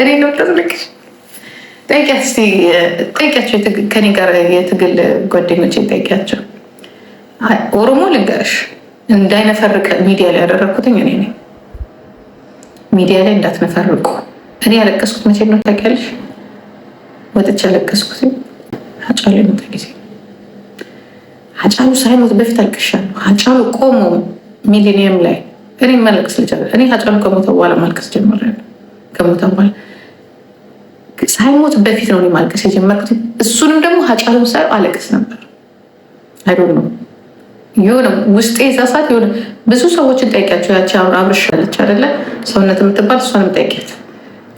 እኔ ነው ተዝልቅሽ ጠይቂያት እስኪ ጠይቂያቸው፣ ከኔ ጋር የትግል ጓደኞች ጠይቂያቸው። ኦሮሞ ልንገርሽ እንዳይነፈርቅ ሚዲያ ላይ ያደረግኩትኝ እኔ ነኝ። ሚዲያ ላይ እንዳትነፈርቁ። እኔ ያለቀስኩት መቼ ነው ታውቂያለሽ? ወጥቼ ያለቀስኩት ሀጫሉ የሞተ ጊዜ። ሀጫሉ ሳይሞት በፊት አልቅሻለሁ። ሀጫሉ ቆሞ ሚሊኒየም ላይ እኔ የማለቅስ ልጅ እኔ ሀጫሉ ከሞተ በኋላ ማልቀስ ጀምሬያለሁ። ከሞተ በኋላ ሳይሞት በፊት ነው ማልቀስ የጀመርኩት። እሱንም ደግሞ ሀጫሉ ሳይ አለቅስ ነበር። አይዶ ነው የሆነ ውስጤ የዛ ሰዓት የሆነ ብዙ ሰዎችን ጠይቂያቸው ያቺ አብርሽ ያለች አይደለ ሰውነት የምትባል እሷንም ጠይቂያት።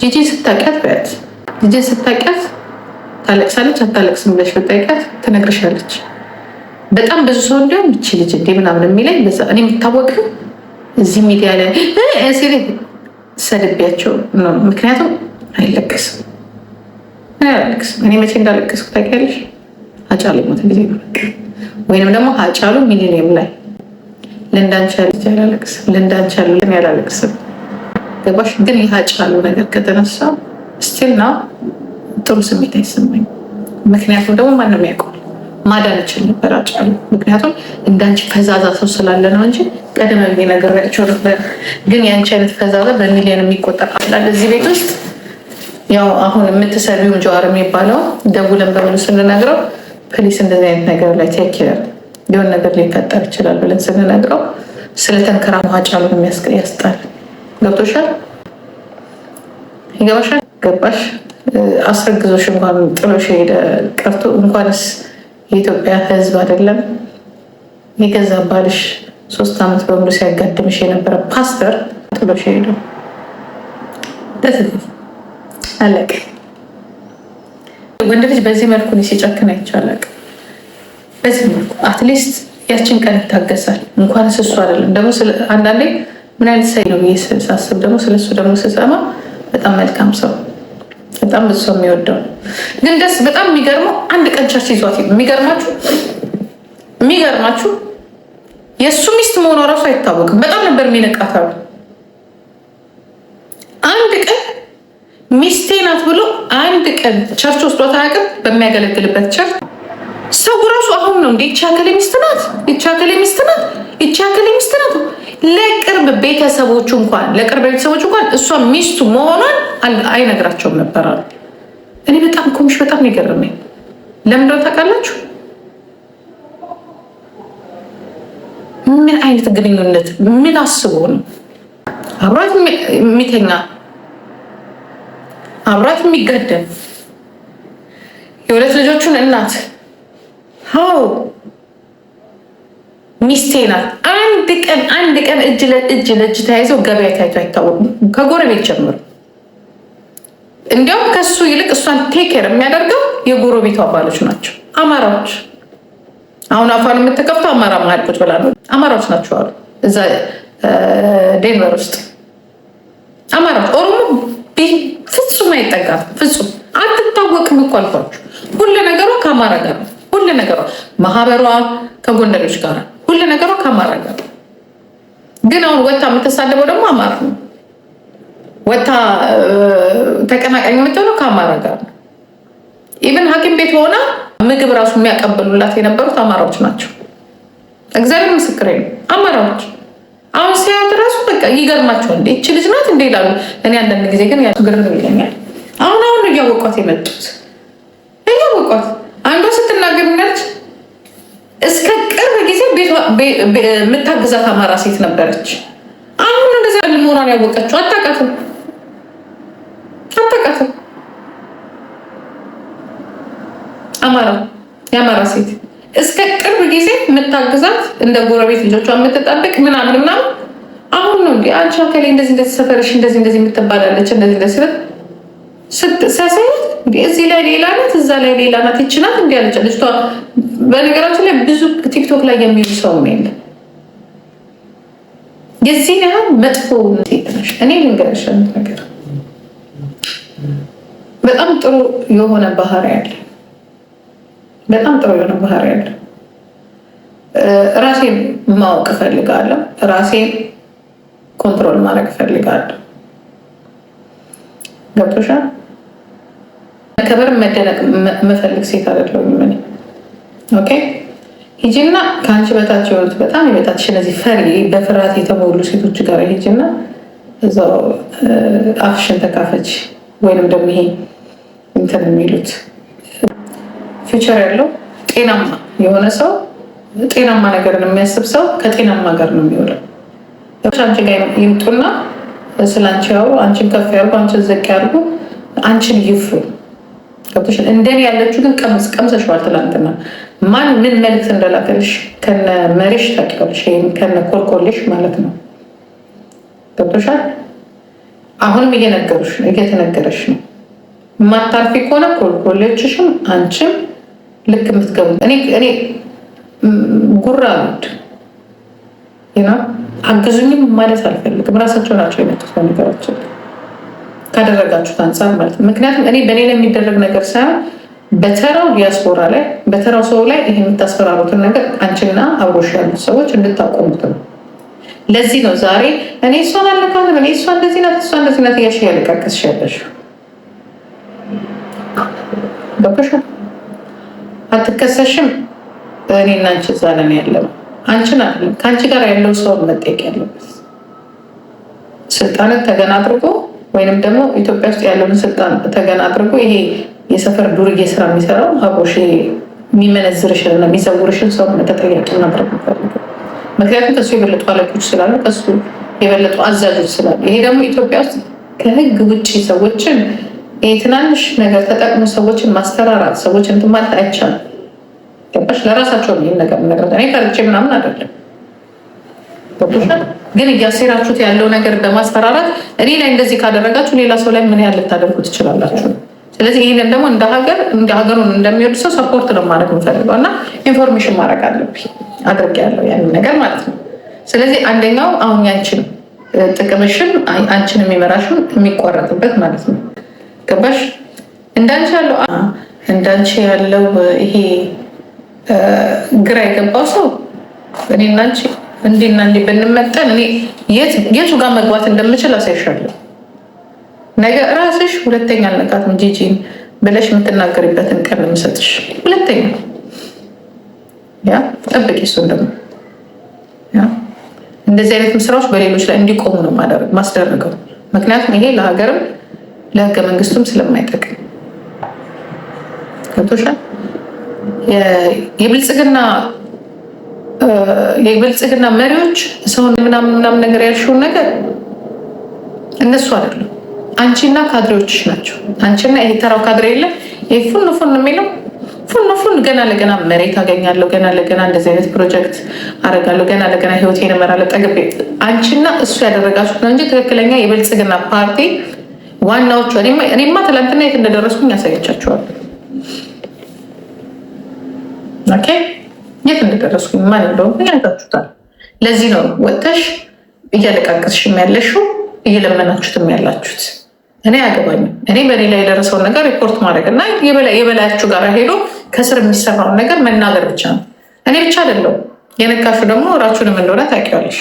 ጂጂ ስታቂያት በያት። ጂጂ ስታቂያት ታለቅሳለች አታለቅስም ብለሽ ብጠይቂያት ትነግርሻለች። በጣም ብዙ ሰው እንዲሆን ይቺ ልጅ እንዲህ ምናምን የሚለኝ እኔ የምታወቅ እዚህ ሚዲያ ላይ ሰድቢያቸው ነው። ምክንያቱም አይለቀስም አይለቅስም። እኔ መቼ እንዳለቀስኩ ታውቂያለሽ? ሀጫሉ ሞት ጊዜ ነው ወይንም ደግሞ ሀጫሉ ሚሊኒየም ላይ ልንዳንቻ ልጅ አላለቅስም። ልንዳንቻ ልን ያላለቅስም። ገባሽ? ግን የሀጫሉ ነገር ከተነሳ ስቲል ና ጥሩ ስሜት አይሰማኝም። ምክንያቱም ደግሞ ማንም ያውቀው ማዳን እችል ነበር አጫሉ። ምክንያቱም እንዳንቺ ፈዛዛ ሰው ስላለ ነው እንጂ ቀደም ብዬ ነግሬያቸው ነበር። ግን የአንቺ አይነት ፈዛዛ በሚሊዮን የሚቆጠር አላለ እዚህ ቤት ውስጥ ያው አሁን የምትሰሪውን ጀዋር የሚባለው ደውለን በምኑ ስንነግረው ፖሊስ እንደዚህ አይነት ነገር ላይ ቴክር ሊሆን ነገር ሊፈጠር ይችላል ብለን ስንነግረው ስለ ተንከራ ማጫሉ ያስጣል። ገብቶሻል? ይገባሻል? ገባሽ? አስረግዞሽ እንኳን ጥሎሽ ሄደ ቀርቶ እንኳንስ የኢትዮጵያ ህዝብ አይደለም የገዛ ባልሽ ሶስት ዓመት በሙሉ ሲያጋድምሽ የነበረ ፓስተር ጥሎሽ ሄዱ። አለቅ ወንድ ልጅ በዚህ መልኩ ሲጨክን አይቻለቅ። በዚህ መልኩ አትሊስት ያችን ቀን ይታገሳል። እንኳን ስሱ አይደለም ደግሞ አንዳንዴ ምን አይነት ሰይ ነው ሳስብ ደግሞ ስለሱ ደግሞ ስሰማ በጣም መልካም ሰው በጣም ብዙ ሰው የሚወደው ግን ደስ በጣም የሚገርመው አንድ ቀን ቸርች ይዟት የሚገርማችሁ የሚገርማችሁ የእሱ ሚስት መሆኗ ራሱ አይታወቅም። በጣም ነበር የሚነቃት አሉ። አንድ ቀን ሚስቴ ናት ብሎ አንድ ቀን ቸርች ወስዷት አያውቅም። በሚያገለግልበት ቸርች ሰው ራሱ አሁን ነው እንደ ይቻከል ሚስት ናት፣ ይቻከሌ ሚስት ናት፣ ይቻከሌ ሚስት ናት ሚስት ናት ለቅርብ ቤተሰቦቹ እንኳን ለቅርብ ቤተሰቦቹ እንኳን እሷ ሚስቱ መሆኗን አይነግራቸውም ነበር አሉ። እኔ በጣም ኩምሽ በጣም ይገርመኝ። ለምን ታውቃላችሁ? ምን አይነት ግንኙነት ምን አስቦ ነው አብራት የሚተኛ አብራት የሚጋደም የሁለት ልጆቹን እናት ው ሚስቴ ናት። አንድ ቀን አንድ ቀን እጅ ለእጅ ለእጅ ተያይዘው ገበያ ታይቶ አይታወቁም። ከጎረቤት ጀምሮ እንዲያውም ከሱ ይልቅ እሷን ቴኬር የሚያደርገው የጎረቤቱ አባሎች ናቸው፣ አማራዎች። አሁን አፏን የምትከፍተው አማራ መሀል ቁጭ ብላ ነው። አማራዎች ናቸው አሉ እዛ ዴንቨር ውስጥ አማራዎች። ኦሮሞ ፍጹም አይጠጋም። ፍጹም አትታወቅም እኮ አልኳችሁ። ሁሉ ነገሯ ከአማራ ጋር ነው። ሁሉ ነገሯ ማህበሯ ከጎንደሮች ጋር ነው። ሁሉ ነገሯ ከአማራ ጋር ግን አሁን ወታ የምትሳደበው ደግሞ አማራ ነው። ወታ ተቀናቃኝ የምትሆነው ከአማራ ጋር ነው። ኢቨን ሐኪም ቤት ሆና ምግብ ራሱ የሚያቀብሉላት የነበሩት አማራዎች ናቸው። እግዚአብሔር ምስክሬ ነው። አማራዎች አሁን ሲያት ራሱ በቃ ይገርማቸዋል። እንዴ እች ልጅ ናት እንዴ ይላሉ። እኔ አንዳንድ ጊዜ ግን ግር ይለኛል። አሁን አሁን እያወቋት የመጡት እያወቋት አንዷ ስትናገር ምናለች እስከ ቅርብ ጊዜ የምታግዛት አማራ ሴት ነበረች። አሁን እንደዚ ያለ መሆኗን ያወቀችው አታውቃትም፣ አታውቃትም። አማራ የአማራ ሴት እስከ ቅርብ ጊዜ የምታግዛት እንደ ጎረቤት ልጆቿ የምትጠብቅ ምናምን ምናምን አሁን ነው እንዲ አንቺ ከላይ እንደዚህ እንደዚህ ሰፈርሽ እንደዚህ እንደዚህ የምትባላለች እንደዚህ እንደዚህ ስለ እዚህ ላይ ሌላ ናት፣ እዛ ላይ ሌላ ናት፣ ይችናት እንዲ ያለች ልጅቷ። በነገራችን ላይ ብዙ ቲክቶክ ላይ የሚሉ ሰው የለ የዚህ ያህል መጥፎ ነሽ። እኔ ልንገርሽ ነገር በጣም ጥሩ የሆነ ባህሪ ያለ በጣም ጥሩ የሆነ ባህሪ ያለ ራሴ ማወቅ እፈልጋለሁ። ራሴ ኮንትሮል ማድረግ እፈልጋለሁ። ገብቶሻል? መከበር መደነቅ መፈልግ ሴት አይደለሁም እኔ። ኦኬ ሂጂና ከአንቺ በታች የሆኑት በጣም የበታች እነዚህ ፈሪ በፍርሃት የተሞሉ ሴቶች ጋር ሂጂና እዛው አፍሽን ተካፈች። ወይንም ደግሞ ይሄ እንትን የሚሉት ፊቸር ያለው ጤናማ የሆነ ሰው ጤናማ ነገርን የሚያስብ ሰው ከጤናማ ጋር ነው የሚወደው። አንቺ ጋ ይምጡና ስለ አንቺ ያወሩ፣ አንቺን ከፍ ያርጉ፣ አንቺን ዘቅ ያርጉ፣ አንቺን ይፍሩ። ገብቶሻል። እንደኔ ያለችው ግን ቀምስ ቀምሰሸዋል። ትላንትና ማን ምን መልዕክት እንደላከልሽ ከነ መሬሽ ታውቂያለሽ፣ ከነ ኮልኮልሽ ማለት ነው። ገብቶሻል። አሁንም እየነገሩሽ ነው፣ እየተነገረሽ ነው። ማታርፊ ከሆነ ኮልኮልችሽም አንቺም ልክ የምትገቡ እኔ ጉራ ሉድ አሉድ አግዙኝም ማለት አልፈልግም። ራሳቸው ናቸው የመጡት በነገራቸው ካደረጋችሁት አንጻር ማለት ነው። ምክንያቱም እኔ በእኔ ላይ የሚደረግ ነገር ሳይሆን በተራው ዲያስፖራ ላይ በተራው ሰው ላይ ይህ የምታስፈራሩትን ነገር አንቺና አብሮሽ ያሉት ሰዎች እንድታቆሙት ነው። ለዚህ ነው ዛሬ እኔ እሷን አለካትም እኔ እሷ እንደዚህ ናት እሷ እንደዚህ ናት እያልሽ ያለቃቀስሽ ያለሽ ገብቶሻ። አትከሰሽም። እኔና አንቺ እዛ ነን ያለው አንቺን አይደለም ከአንቺ ጋር ያለው ሰው መጠየቅ ያለበት ስልጣንን ተገን ወይንም ደግሞ ኢትዮጵያ ውስጥ ያለውን ስልጣን ተገና አድርጎ ይሄ የሰፈር ዱርጌ ስራ የሚሰራው ሀቦሽ የሚመነዝርሽን ነው የሚዘውርሽን ሰው ተጠያቂ ማድረግ ምክንያቱም ከሱ የበለጡ አለቆች ስላሉ፣ ከሱ የበለጡ አዛዦች ስላሉ፣ ይሄ ደግሞ ኢትዮጵያ ውስጥ ከህግ ውጭ ሰዎችን ትናንሽ ነገር ተጠቅሞ ሰዎችን ማስፈራራት ሰዎች እንትን ማለት አይቻልም። ገባሽ? ለራሳቸው ይህን ነገር ነገር እኔ ፈርቼ ምናምን አይደለም ግን እያሴራችሁት ያለው ነገር በማስፈራራት እኔ ላይ እንደዚህ ካደረጋችሁ ሌላ ሰው ላይ ምን ያህል ልታደርጉ ትችላላችሁ? ስለዚህ ይህንን ደግሞ እንደ ሀገር እንደ ሀገሩን እንደሚወድ ሰው ሰፖርት ነው ማድረግ የምፈልገው እና ኢንፎርሜሽን ማድረግ አለብኝ አድርግ ያለው ያንን ነገር ማለት ነው። ስለዚህ አንደኛው አሁን ያንችን ጥቅምሽን አንቺን የሚመራሽን የሚቋረጥበት ማለት ነው። ገባሽ? እንዳንቺ ያለው እንዳንቺ ያለው ይሄ ግራ የገባው ሰው እኔ እናንቺ እንዲና እንዲ ብንመጠን እኔ የቱ ጋር መግባት እንደምችል አሳይሻለሁ። ነገ ራስሽ ሁለተኛ አልነቃትም ጂጂን ብለሽ የምትናገሪበትን ቀን የምሰጥሽ ሁለተኛ። ያ ጠብቂ። እሱን ደግሞ እንደዚህ አይነት ምስራዎች በሌሎች ላይ እንዲቆሙ ነው ማስደረገው። ምክንያቱም ይሄ ለሀገርም ለህገ መንግስቱም ስለማይጠቅም ገብቶሻል። የብልጽግና የብልጽግና መሪዎች ሰውን ምናምን ምናምን ነገር ያልሽውን ነገር እነሱ አይደሉም። አንቺና ካድሬዎችሽ ናቸው። አንቺና ይሄ ተራው ካድሬ የለ ይሄ ፉን ፉን የሚለው ፉን ፉን ገና ለገና መሬት አገኛለሁ፣ ገና ለገና እንደዚህ አይነት ፕሮጀክት አደርጋለሁ፣ ገና ለገና ህይወቴን እመራለሁ። ጠግቤ አንቺና እሱ ያደረጋችሁት ነው እንጂ ትክክለኛ የብልጽግና ፓርቲ ዋናዎቹ እኔማ ትላንትና የት እንደደረስኩኝ ያሳያቻችኋል። ኦኬ የት እንደደረስኩ ማን እንደሆንኩኝ አይታችሁታል። ለዚህ ነው ወጥተሽ እያለቃቀስሽ ያለሽው እየለመናችሁትም ያላችሁት። እኔ ያገባኝ እኔ በእኔ ላይ የደረሰውን ነገር ሪፖርት ማድረግ እና የበላያችሁ ጋር ሄዶ ከስር የሚሰራውን ነገር መናገር ብቻ ነው። እኔ ብቻ አይደለው። የነካሹ ደግሞ እራችሁንም እንደሆነ ታውቂዋለሽ።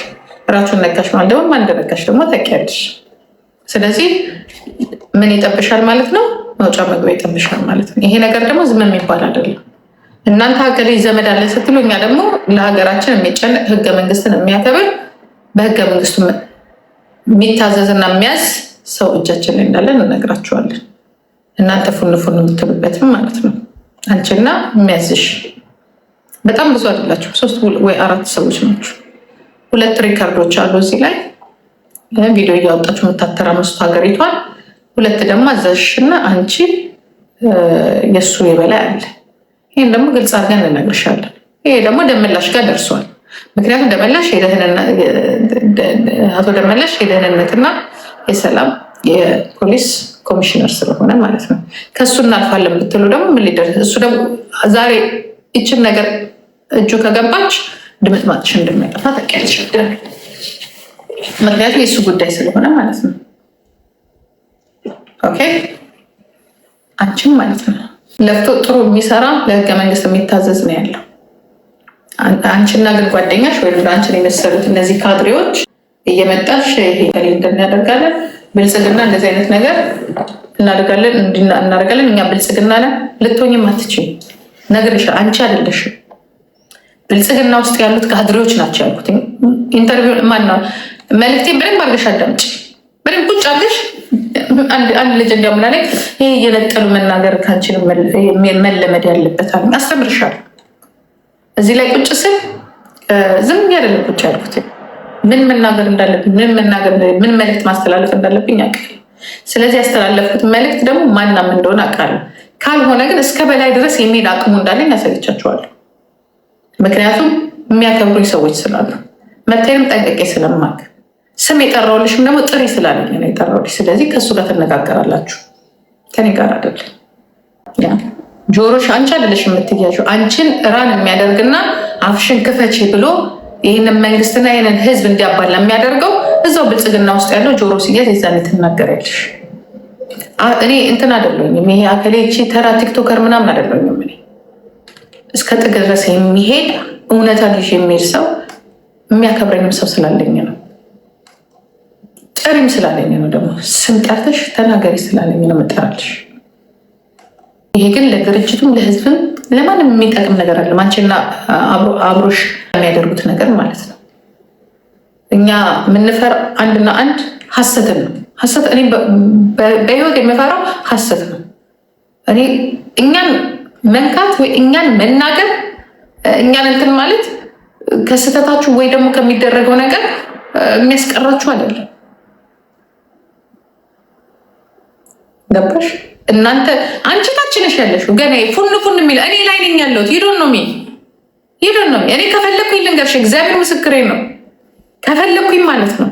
እራችሁን ነካሽ ማለት ደግሞ ማን እንደነካሽ ደግሞ ታውቂያለሽ። ስለዚህ ምን ይጠብሻል ማለት ነው፣ መውጫ መግቢያ ይጠብሻል ማለት ነው። ይሄ ነገር ደግሞ ዝም የሚባል አይደለም። እናንተ ሀገር ዘመድ አለ ስትሉ እኛ ደግሞ ለሀገራችን የሚጨነቅ ህገ መንግስትን የሚያከብር በህገ መንግስቱ የሚታዘዝና የሚያዝ ሰው እጃችን ላይ እንዳለን እነግራችኋለን። እናንተ ፉን ፉን የምትሉበትም ማለት ነው። አንቺና የሚያዝሽ በጣም ብዙ አይደላችሁ፣ ሶስት ወይ አራት ሰዎች ናችሁ። ሁለት ሪከርዶች አሉ እዚህ ላይ ቪዲዮ እያወጣችሁ የምታተራምሱት ሀገሪቷን። ሁለት ደግሞ አዛዥሽ እና አንቺ የእሱ የበላይ አለ ይህን ደግሞ ግልጽ አድርገን እንነግርሻለን። ይሄ ደግሞ ደመላሽ ጋር ደርሷል። ምክንያቱም ደመላሽ አቶ ደመላሽ የደህንነትና የሰላም የፖሊስ ኮሚሽነር ስለሆነ ማለት ነው። ከእሱ እናልፋለን ብትሉ ደግሞ ምን ሊደርስ እሱ ደግሞ ዛሬ ይችን ነገር እጁ ከገባች ድምጥማጥሽ እንደሚያጠፋ ታውቂያለሽ። ምክንያቱም የእሱ ጉዳይ ስለሆነ ማለት ነው። ኦኬ አንቺም ማለት ነው ለፍቶ ጥሩ የሚሰራ ለህገ መንግስት የሚታዘዝ ነው ያለው። አንቺና ግን ጓደኛሽ ወይም አንቺን የመሰሉት እነዚህ ካድሬዎች እየመጣሽ ይሄ ከሌ እንደሚያደርጋለን ብልጽግና እንደዚህ አይነት ነገር እናደርጋለን እናደርጋለን እኛ ብልጽግና ለን ልትሆኝም አትችይም። ነግሬሻለሁ። አንቺ አይደለሽም ብልጽግና ውስጥ ያሉት ካድሬዎች ናቸው ያልኩት። ኢንተርቪው ማነው መልዕክቴን በደንብ አድርገሽ አዳምጪ። በደንብ ቁጭ አድርገሽ አንድ ልጅ እንዲያውም ምናለኝ ይሄ እየለጠሉ መናገር ካንችን መለመድ ያለበታል። አስተምርሻል እዚህ ላይ ቁጭ ስል ዝም ያደለ ቁጭ ያልኩት ምን መናገር እንዳለብኝ ምን መናገር ምን መልዕክት ማስተላለፍ እንዳለብኝ አውቃለሁ። ስለዚህ ያስተላለፍኩት መልዕክት ደግሞ ማናም እንደሆነ አውቃለሁ። ካልሆነ ግን እስከ በላይ ድረስ የሚሄድ አቅሙ እንዳለኝ ያሳይቻቸዋለሁ። ምክንያቱም የሚያከብሩኝ ሰዎች ስላሉ መታየም ጠንቀቄ ስለማውቅ ስም የጠራውልሽም ደግሞ ጥሪ ስላለኝ ነው የጠራውልሽ። ስለዚህ ከእሱ ጋር ትነጋገራላችሁ፣ ከኔ ጋር አይደለም። ጆሮሽ አንቺ አይደለሽ የምትያዥው። አንቺን ራን የሚያደርግና አፍሽን ክፈች ብሎ ይህንን መንግስትና ይህንን ህዝብ እንዲያባላ የሚያደርገው እዛው ብልጽግና ውስጥ ያለው ጆሮ ስያት የዛን ትናገሪያለሽ። እኔ እንትን አደለኝም። ይሄ አከሌቺ ተራ ቲክቶከር ምናምን አደለኝም። እኔ እስከ ጥግ ድረስ የሚሄድ እውነታ ይዤ የሚሄድ ሰው የሚያከብረኝም ሰው ስላለኝ ነው። ጥሪም ስላለኝ ነው። ደግሞ ስም ጠርተሽ ተናገሪ ስላለኝ ነው መጠራልሽ። ይሄ ግን ለድርጅቱም ለህዝብም ለማንም የሚጠቅም ነገር አለ። አንቺና አብሮሽ የሚያደርጉት ነገር ማለት ነው። እኛ የምንፈራ አንድና አንድ ሀሰትን ነው። ሀሰት እኔ በህይወት የምፈራው ሀሰት ነው። እኔ እኛን መንካት ወይ እኛን መናገር እኛን እንትን ማለት ከስህተታችሁ ወይ ደግሞ ከሚደረገው ነገር የሚያስቀራችሁ አይደለም። ገባሽ? እናንተ አንቺ ታች ነሽ ያለሽው ገና ፉን ፉን የሚል እኔ ላይ ነኝ ያለሁት። ይዶን ነው ሚል ይዶን ነው እኔ ከፈለግኩኝ ልንገርሽ፣ እግዚአብሔር ምስክሬ ነው። ከፈለግኩኝ ማለት ነው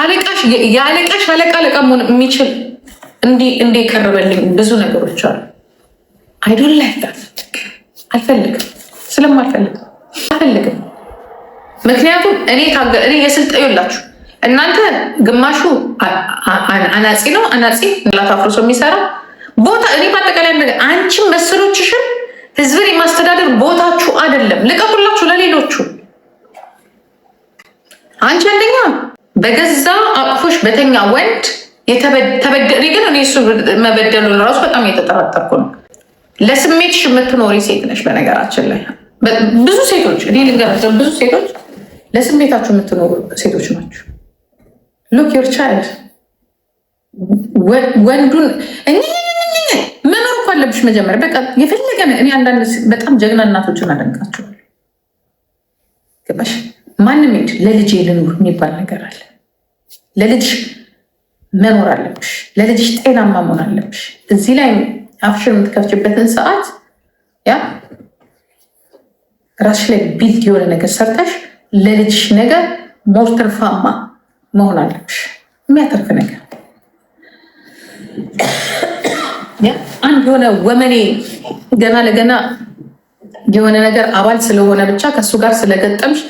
አለቃሽ የአለቃሽ አለቃ አለቃ መሆን የሚችል እንዲ እንዲ የቀረበልኝ ብዙ ነገሮች አሉ። አይዶን ላይ አልፈልግም፣ ስለማልፈልግም አልፈልግም። ምክንያቱም እኔ የስልጠ ይላችሁ እናንተ ግማሹ አናጺ ነው። አናጺ ላት አፍርሶ የሚሰራ ቦታ እኔ ማጠቃለያ ነገር አንቺም መሰሎችሽም ህዝብን የማስተዳደር ቦታችሁ አይደለም። ልቀቁላችሁ ለሌሎቹ። አንቺ አንደኛ በገዛ አቅፎሽ በተኛ ወንድ ተበደሪ። ግን እኔ እሱ መበደሉ ራሱ በጣም እየተጠራጠርኩ ነው። ለስሜትሽ የምትኖሪ ሴት ነሽ። በነገራችን ላይ ብዙ ሴቶች እኔ ልንገራቸው ብዙ ሴቶች ለስሜታችሁ የምትኖሩ ሴቶች ናቸው። ሉክ ዮር ቻይልድ ወንዱን መኖር እኮ አለብሽ መጀመሪያ። በቃ የፈለገ እኔ አንዳንድ በጣም ጀግና እናቶችን አደንቃቸዋል። ገባሽ? ማንም ሄድ ለልጅ ልኑር የሚባል ነገር አለ። ለልጅ መኖር አለብሽ። ለልጅሽ ጤናማ መሆን አለብሽ። እዚህ ላይ አፍሽን የምትከፍችበትን ሰዓት ያ ራስሽ ላይ ቢልድ የሆነ ነገር ሰርተሽ ለልጅሽ ነገር ሞር መሆን አለብሽ። የሚያተርፍ ነገር አንድ የሆነ ወመኔ ገና ለገና የሆነ ነገር አባል ስለሆነ ብቻ ከእሱ ጋር ስለገጠምሽ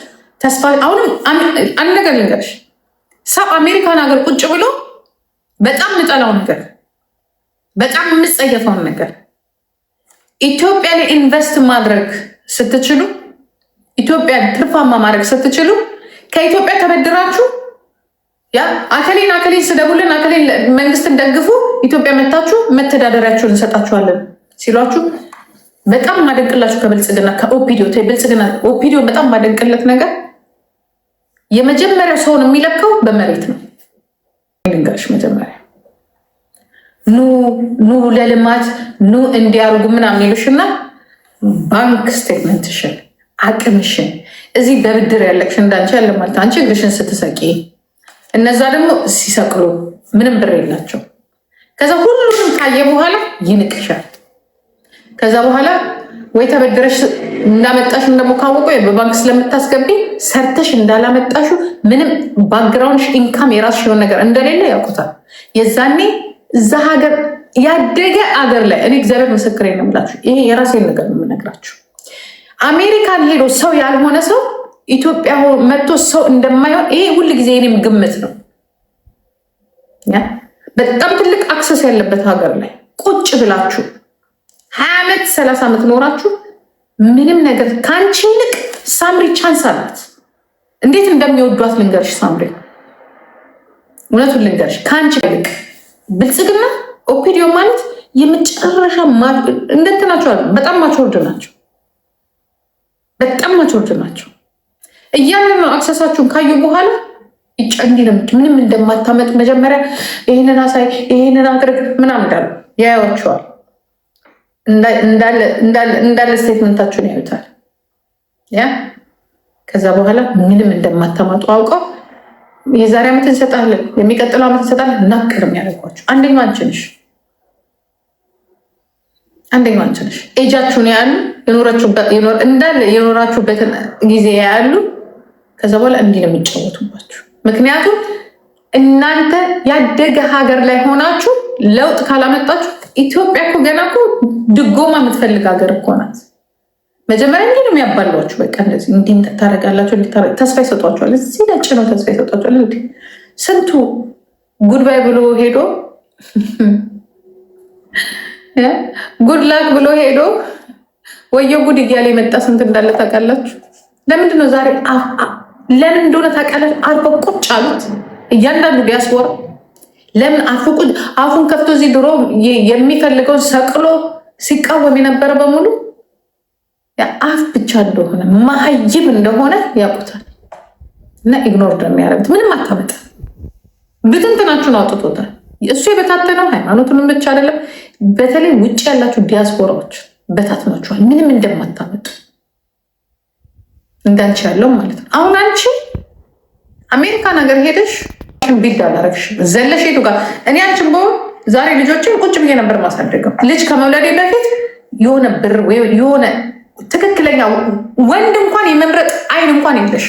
ተስፋ አሁንም አንድ ነገር ልንገርሽ፣ ሰብ አሜሪካን ሀገር ቁጭ ብሎ በጣም የምጠላውን ነገር በጣም የምጸየፈውን ነገር ኢትዮጵያ ላይ ኢንቨስት ማድረግ ስትችሉ ኢትዮጵያ ትርፋማ ማድረግ ስትችሉ ከኢትዮጵያ ተበድራችሁ ያ አከሌን አከሌን ስደቡልን አከሌን መንግስትን ደግፉ ኢትዮጵያ መታችሁ መተዳደሪያችሁን እንሰጣችኋለን ሲሏችሁ በጣም ማደንቅላችሁ ከብልጽግና ከኦፒዲዮ ብልጽግና ኦፒዲዮ በጣም ማደንቅለት ነገር የመጀመሪያው ሰውን የሚለካው በመሬት ነው። ድንጋሽ መጀመሪያ ኑ ኑ ለልማት ኑ እንዲያርጉ ምናምን ይሉሽና ባንክ ስቴትመንትሽን አቅምሽን እዚህ በብድር ያለቅሽ እንዳንቺ ያለማለት አንቺ እግርሽን ስትሰቂ እነዛ ደግሞ ሲሰቅሉ ምንም ብር የላቸው። ከዛ ሁሉንም ካየ በኋላ ይንቅሻል። ከዛ በኋላ ወይ ተበድረሽ እንዳመጣሽ ደግሞ ካወቁ በባንክ ስለምታስገቢ ሰርተሽ እንዳላመጣሹ ምንም ባክግራውንድ ኢንካም የራስሽ የሆነ ነገር እንደሌለ ያውቁታል። የዛኔ እዛ ሀገር ያደገ አገር ላይ እኔ እግዚአብሔር ምስክሬን ነው የምላችሁ። ይሄ የራሴን ነገር ነው የምነግራችሁ። አሜሪካን ሄዶ ሰው ያልሆነ ሰው ኢትዮጵያ መጥቶ ሰው እንደማይሆን ይሄ ሁል ጊዜ እኔም ግምት ነው። በጣም ትልቅ አክሰስ ያለበት ሀገር ላይ ቁጭ ብላችሁ ሀያ ዓመት ሰላሳ ዓመት ኖራችሁ ምንም ነገር ከአንቺ ይልቅ ሳምሪ ቻንስ አላት። እንዴት እንደሚወዷት ልንገርሽ ሳምሪ፣ እውነቱን ልንገርሽ ከአንቺ ይልቅ ብልጽግና ኦፒዲዮ ማለት የመጨረሻ እንደንትናቸዋል። በጣም ማቾርድ ናቸው። በጣም ማቾርድ ናቸው። እያንኑ አክሰሳችሁን ካዩ በኋላ ይጨንዲ ልምድ ምንም እንደማታመጥ መጀመሪያ ይህንን አሳይ፣ ይህንን አድርግ ምናምን እንዳሉ ያያቸዋል። እንዳለ ስቴትመንታችሁን ያዩታል። ያ ከዛ በኋላ ምንም እንደማታመጡ አውቀው የዛሬ ዓመት እንሰጣለን፣ የሚቀጥለው ዓመት እንሰጣለን ናክር የሚያደርጓቸው አንደኛው አንቺ ነሽ፣ አንደኛው አንቺ ነሽ። ኤጃችሁን ያሉ እንዳለ የኖራችሁበትን ጊዜ ያሉ ከዛ በኋላ እንዲህ ነው የሚጫወቱባችሁ። ምክንያቱም እናንተ ያደገ ሀገር ላይ ሆናችሁ ለውጥ ካላመጣችሁ፣ ኢትዮጵያ እኮ ገና እኮ ድጎማ የምትፈልግ ሀገር እኮ ናት። መጀመሪያ እንዲህ ነው የሚያባሏችሁ። በቃ እንደዚህ እንዲህ ታደርጋላችሁ፣ ተስፋ ይሰጧችኋል። እዚህ ነጭ ነው ተስፋ ይሰጧችኋል። እንዲ ስንቱ ጉድባይ ብሎ ሄዶ ጉድላክ ብሎ ሄዶ ወየ ጉድ እያለ የመጣ ስንት እንዳለ ታውቃላችሁ። ለምንድን ነው ዛሬ ለምን እንደሆነ ታውቃለህ? አርፈው ቁጭ አሉት። እያንዳንዱ ዲያስፖራ ለምን አፍቁ አፉን ከፍቶ እዚህ ድሮ የሚፈልገውን ሰቅሎ ሲቃወም የነበረ በሙሉ አፍ ብቻ እንደሆነ መሀይም እንደሆነ ያውቁታል። እና ኢግኖር እንደሚያደርጉት ምንም አታመጣ ብትንትናችሁን አውጥቶታል። እሱ የበታተነው ሃይማኖቱንም ብቻ አይደለም፣ በተለይ ውጭ ያላችሁ ዲያስፖራዎች በታትናችኋል፣ ምንም እንደማታመጡ እንዳንቺ ያለው ማለት ነው። አሁን አንቺ አሜሪካን ሀገር ሄደሽ ቢልድ አላረግሽም ዘለሽ ሄዱ ጋር እኔ አንቺን በሆን ዛሬ ልጆችን ቁጭ ብዬ ነበር ማሳደገው። ልጅ ከመውለዴ በፊት የሆነ ብር የሆነ ትክክለኛ ወንድ እንኳን የመምረጥ አይን እንኳን የለሽ።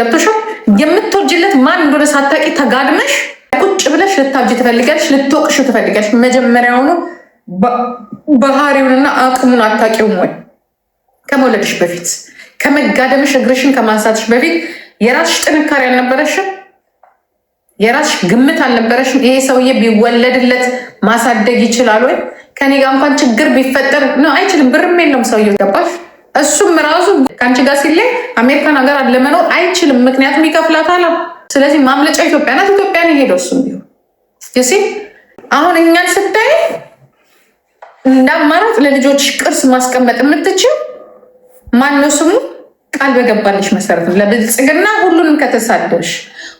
ገብቶሻል? የምትወጅለት ማን እንደሆነ ሳታቂ ተጋድመሽ ቁጭ ብለሽ ልታብጅ ትፈልጋለሽ፣ ልትወቅሽ ትፈልጋለሽ። መጀመሪያውኑ ባህሪውንና አቅሙን አታቂውም ወይ ከመውለድሽ በፊት ከመጋደምሽ እግርሽን ከማንሳትሽ በፊት የራስሽ ጥንካሬ አልነበረሽም? የራስሽ ግምት አልነበረሽም? ይሄ ሰውዬ ቢወለድለት ማሳደግ ይችላል ወይ? ከኔ ጋር እንኳን ችግር ቢፈጠር ነው አይችልም፣ ብርም የለውም ሰውዬው። ገባሽ? እሱም ራሱ ከአንቺ ጋር ሲለይ አሜሪካን ሀገር ለመኖር አይችልም፣ ምክንያቱም ይከፍላታል። ስለዚህ ማምለጫ ኢትዮጵያ ናት። ኢትዮጵያን የሄደው እሱ ቢሆን ሲ አሁን እኛን ስታይ እንዳማራት ለልጆች ቅርስ ማስቀመጥ የምትችል ማነው ስሙ? ቃል በገባልሽ መሰረት ነው ለብልጽግና ሁሉንም ከተሳደሽ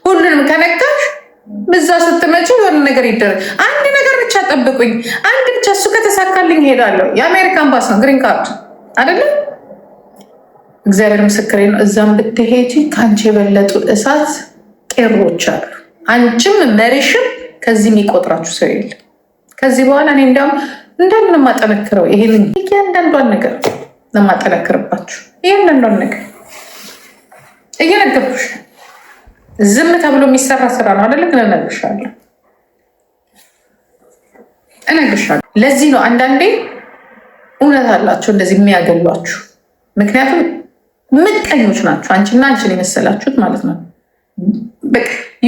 ሁሉንም ከነካሽ ብዛ ስትመጪ የሆነ ነገር ይደረግ። አንድ ነገር ብቻ ጠብቁኝ፣ አንድ ብቻ እሱ ከተሳካልኝ ሄዳለሁ። የአሜሪካ ባስ ነው ግሪን ካርድ አይደለም። እግዚአብሔር ምስክሬ ነው። እዛም ብትሄጂ ከአንቺ የበለጡ እሳት ቄሮች አሉ። አንቺም መሪሽም ከዚህ የሚቆጥራችሁ ሰው የለም። ከዚህ በኋላ እኔ እንዲያውም እንዳምንም አጠነክረው ይሄን እያንዳንዷን ነገር ለማጠናክርባችሁ ይህን እንደሆነ ነገር እየነገርኩሽ ዝም ተብሎ የሚሰራ ስራ ነው አደለ? ግን እነግርሻለሁ እነግርሻለሁ። ለዚህ ነው አንዳንዴ እውነት አላቸው እንደዚህ የሚያገሏችሁ። ምክንያቱም ምቀኞች ናቸው፣ አንቺና አንቺን የመሰላችሁት ማለት ነው።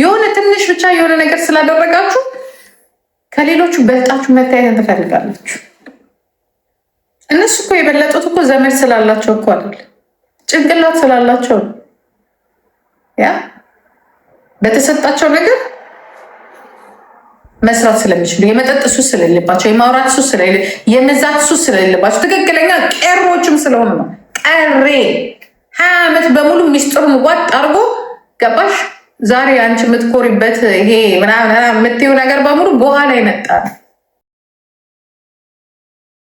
የሆነ ትንሽ ብቻ የሆነ ነገር ስላደረጋችሁ ከሌሎቹ በልጣችሁ መታየትን ትፈልጋላችሁ። እነሱ እኮ የበለጡት እኮ ዘመድ ስላላቸው እኮ አይደል፣ ጭንቅላት ስላላቸው ያ በተሰጣቸው ነገር መስራት ስለሚችሉ የመጠጥ ሱስ ስለሌለባቸው፣ የማውራት ሱስ ስለሌለ፣ የመዛት ሱስ ስለሌለባቸው፣ ትክክለኛ ቀሮችም ስለሆኑ ነው። ቀሬ ሀያ ዓመት በሙሉ ሚስጥሩን ዋጥ አድርጎ ገባሽ። ዛሬ አንቺ የምትኮሪበት ይሄ ምናምን የምትይው ነገር በሙሉ በኋላ ይመጣል።